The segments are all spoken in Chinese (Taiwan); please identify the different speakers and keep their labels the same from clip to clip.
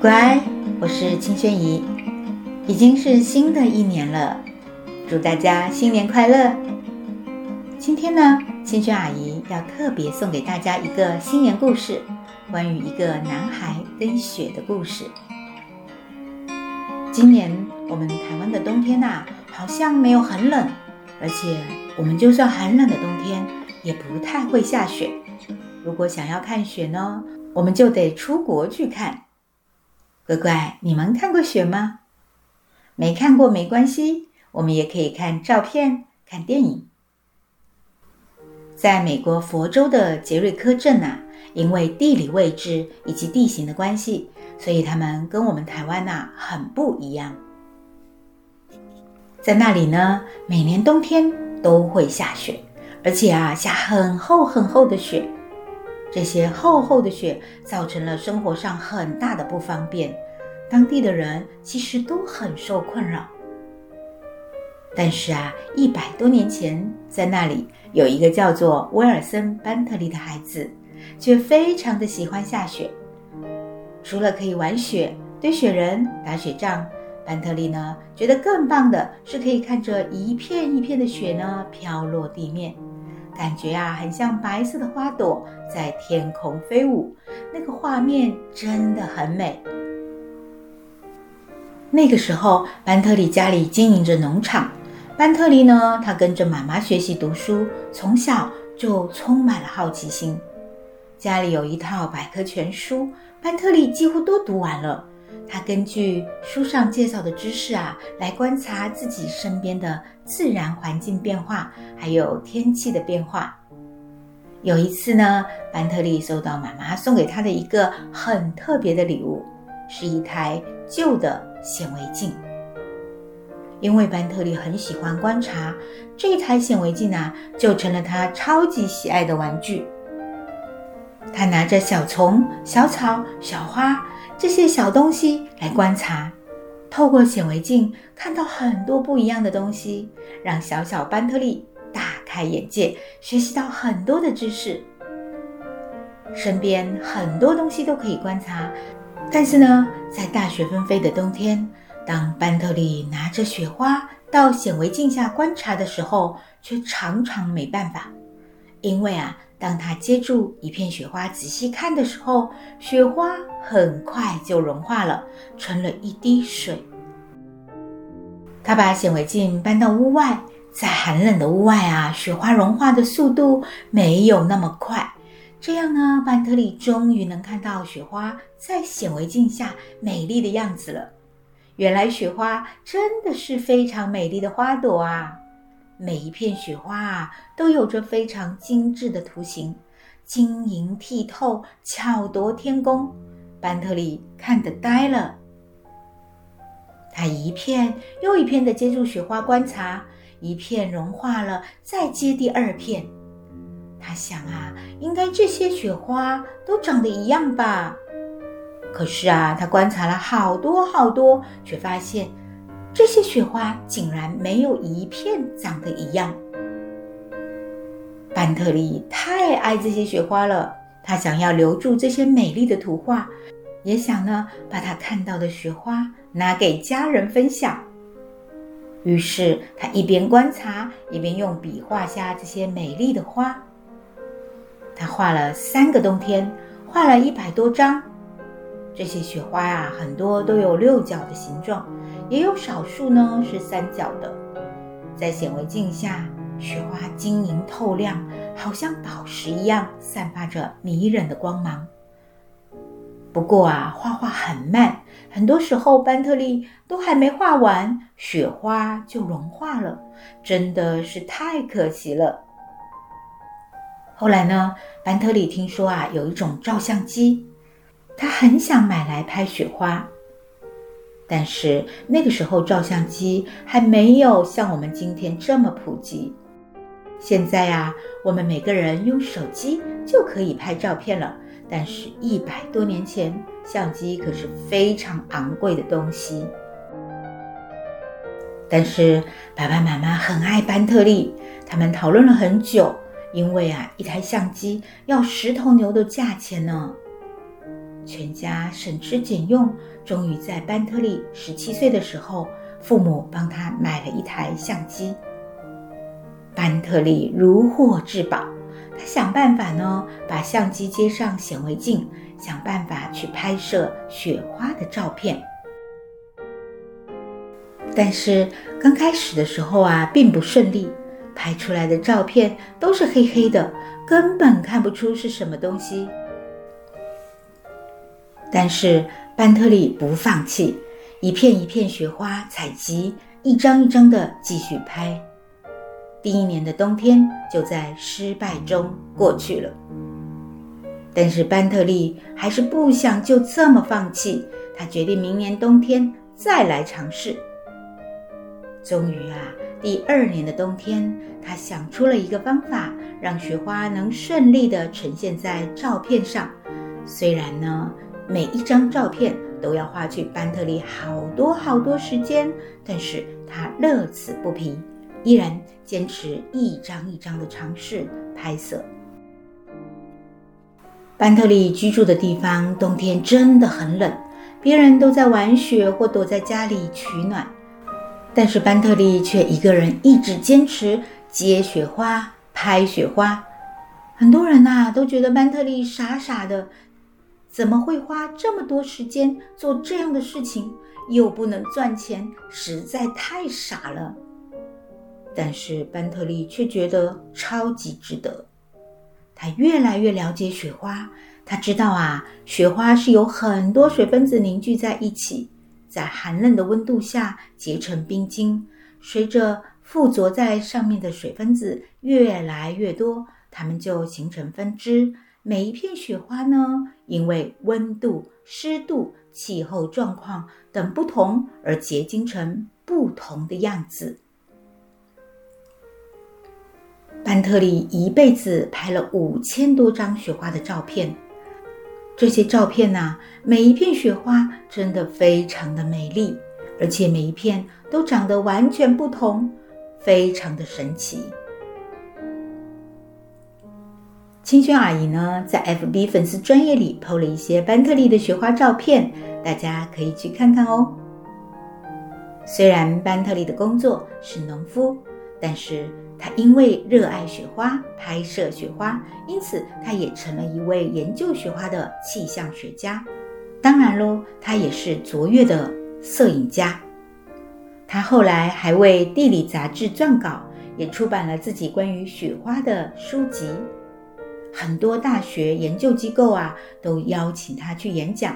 Speaker 1: 乖，我是青萱姨，已經是新的一年了，祝大家新年快樂。今天呢，青萱阿姨要特別送給大家一個新年故事，關於一個男孩跟雪的故事。今年我們台灣的冬天吶、啊，好像沒有很冷，而且我們就算很冷的冬天，也不太會下雪。如果想要看雪呢，我們就得出國去看。乖乖，你們看過雪嗎？沒看過沒關係，我們也可以看照片、看電影。在美國佛州的傑瑞科鎮吶、啊，因為地理位置以及地形的關係，所以他們跟我們台灣吶、啊，很不一樣。在那裡呢，每年冬天都會下雪，而且啊，下很厚很厚的雪。這些厚厚的雪造成了生活上很大的不方便，當地的人其實都很受困擾。但是啊，一百多年前，在那裡有一個叫做威爾森·班特利的孩子，卻非常的喜歡下雪。除了可以玩雪、堆雪人、打雪仗，班特利呢覺得更棒的是可以看着一片一片的雪呢飄落地面，感覺啊，很像白色的花朵在天空飛舞，那個畫面真的很美。那個時候，班特利家裡經營着農場。班特利呢，他跟着媽媽學習讀書，從小就充滿了好奇心。家裡有一套百科全書，班特利幾乎都讀完了。他根據書上介紹的知識啊，來觀察自己身邊的自然環境變化，還有天氣的變化。有一次呢，班特利收到媽媽送給他的一個很特別的禮物，是一台舊的顯微鏡。因為班特利很喜歡觀察，這台顯微鏡呢啊，就成了他超級喜愛的玩具。他拿着小蟲、小草、小花這些小東西來觀察，透過顯微鏡看到很多不一樣的東西，讓小小班特利大開眼界，學習到很多的知識。身邊很多東西都可以觀察，但是呢，在大雪紛飛的冬天，當班特利拿着雪花到顯微鏡下觀察的時候，卻常常沒辦法。因為啊，當他接住一片雪花仔細看的時候，雪花很快就融化了，成了一滴水。他把顯微鏡搬到屋外，在寒冷的屋外啊，雪花融化的速度沒有那麼快。這樣呢，班特利終於能看到雪花在顯微鏡下美麗的樣子了。原來雪花真的是非常美麗的花朵啊！每一片雪花啊，都有着非常精緻的圖形，晶瑩剔透，巧奪天工。班特利看得呆了，他一片又一片地接住雪花觀察，一片融化了，再接第二片。他想啊，應該這些雪花都長得一樣吧？可是啊，他觀察了好多好多，卻發現。這些雪花竟然沒有一片長得一樣。班特利太愛這些雪花了，他想要留住這些美麗的圖畫，也想呢把他看到的雪花拿給家人分享。於是他一邊觀察，一邊用筆畫下這些美麗的花。他畫了三個冬天，畫了一百多張。這些雪花啊，很多都有六角的形狀，也有少數呢，是三角的。在顯微鏡下，雪花晶瑩透亮，好像寶石一樣，散發着迷人的光芒。不過啊，畫畫很慢，很多時候班特利都還沒畫完，雪花就融化了，真的是太可惜了。後來呢，班特利聽說啊，有一種照相機。他很想買來拍雪花，但是那個時候照相機還沒有像我們今天這麼普及。現在啊，我們每個人用手機就可以拍照片了。但是，一百多年前，相機可是非常昂貴的東西。但是，爸爸媽媽很愛班特利，他們討論了很久，因為啊，一臺相機要十頭牛的價錢呢。全家省吃儉用，終於在班特利十七歲的時候，父母幫他買了一台相機。班特利如獲至寶，他想辦法呢，把相機接上顯微鏡，想辦法去拍攝雪花的照片。但是剛開始的時候啊，並不順利，拍出來的照片都是黑黑的，根本看不出是什麼東西。但是班特利不放棄，一片一片雪花採集，一張一張的繼續拍。第一年的冬天就在失敗中過去了。但是班特利還是不想就這麼放棄，他決定明年冬天再來嘗試。終於啊，第二年的冬天，他想出了一個方法，讓雪花能順利的呈現在照片上。雖然呢，每一張照片，都要花去班特利好多好多時間，但是他樂此不疲，依然堅持一張一張的嘗試拍攝。班特利居住的地方冬天真的很冷，別人都在玩雪或躲在家裡取暖，但是班特利卻一個人一直堅持接雪花、拍雪花。很多人吶，啊，都覺得班特利傻傻的。怎麼會花這麼多時間做這樣的事情，又不能賺錢，實在太傻了。但是班特利卻覺得超級值得。他越來越了解雪花，他知道啊，雪花是由很多水分子凝聚在一起，在寒冷的溫度下結成冰晶，隨着附着在上面的水分子越來越多，它們就形成分支。每一片雪花呢，因為溫度、濕度、氣候狀況等不同而結晶成不同的樣子。班特利一輩子拍了五千多張雪花的照片，這些照片呢、啊，每一片雪花真的非常的美麗，而且每一片都長得完全不同，非常的神奇。青萱阿姨呢，在 FB 粉絲專頁裡 po 了一些班特利的雪花照片，大家可以去看看哦。雖然班特利的工作是農夫，但是他因為熱愛雪花、拍攝雪花，因此他也成了一位研究雪花的氣象學家。當然嘍，他也是卓越的攝影家。他後來還為地理雜誌撰稿，也出版了自己關於雪花的書籍。很多大學研究機構啊，都邀請他去演講。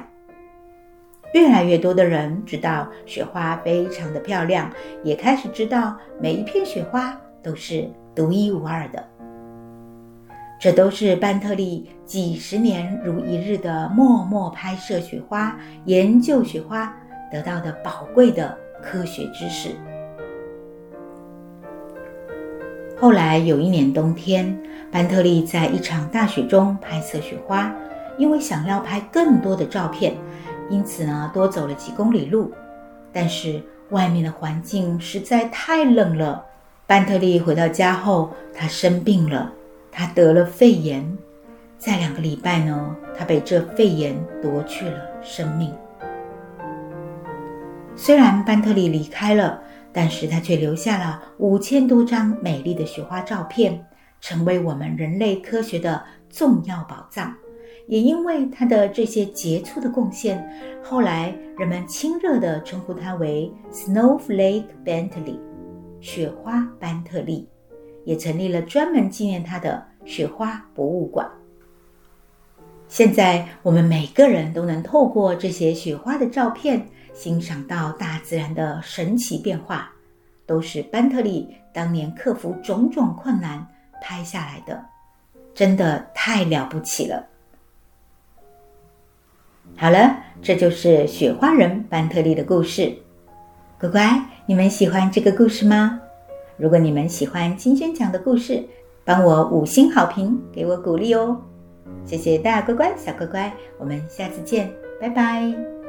Speaker 1: 越來越多的人知道雪花非常的漂亮，也開始知道每一片雪花都是獨一無二的。這都是班特利幾十年如一日的默默拍攝雪花、研究雪花得到的寶貴的科學知識。後來有一年冬天，班特利在一場大雪中拍攝雪花。因為想要拍更多的照片，因此呢多走了幾公里路。但是外面的環境實在太冷了。班特利回到家後，他生病了，他得了肺炎。在兩個禮拜呢，他被這肺炎奪去了生命。雖然班特利離開了。但是他卻留下了五千多張美麗的雪花照片，成為我們人類科學的重要寶藏。也因為他的這些傑出的貢獻，後來人們親熱地稱呼他為 Snowflake Bentley（ 雪花班特利），也成立了專門紀念他的雪花博物館。現在，我們每個人都能透過這些雪花的照片。欣賞到大自然的神奇變化，都是班特利當年克服種種困難拍下來的，真的太了不起了。好了，這就是雪花人班特利的故事。乖乖，你們喜歡這個故事嗎？如果你們喜歡青萱講的故事，幫我五星好評，給我鼓勵哦。謝謝大乖乖、小乖乖，我們下次見，拜拜。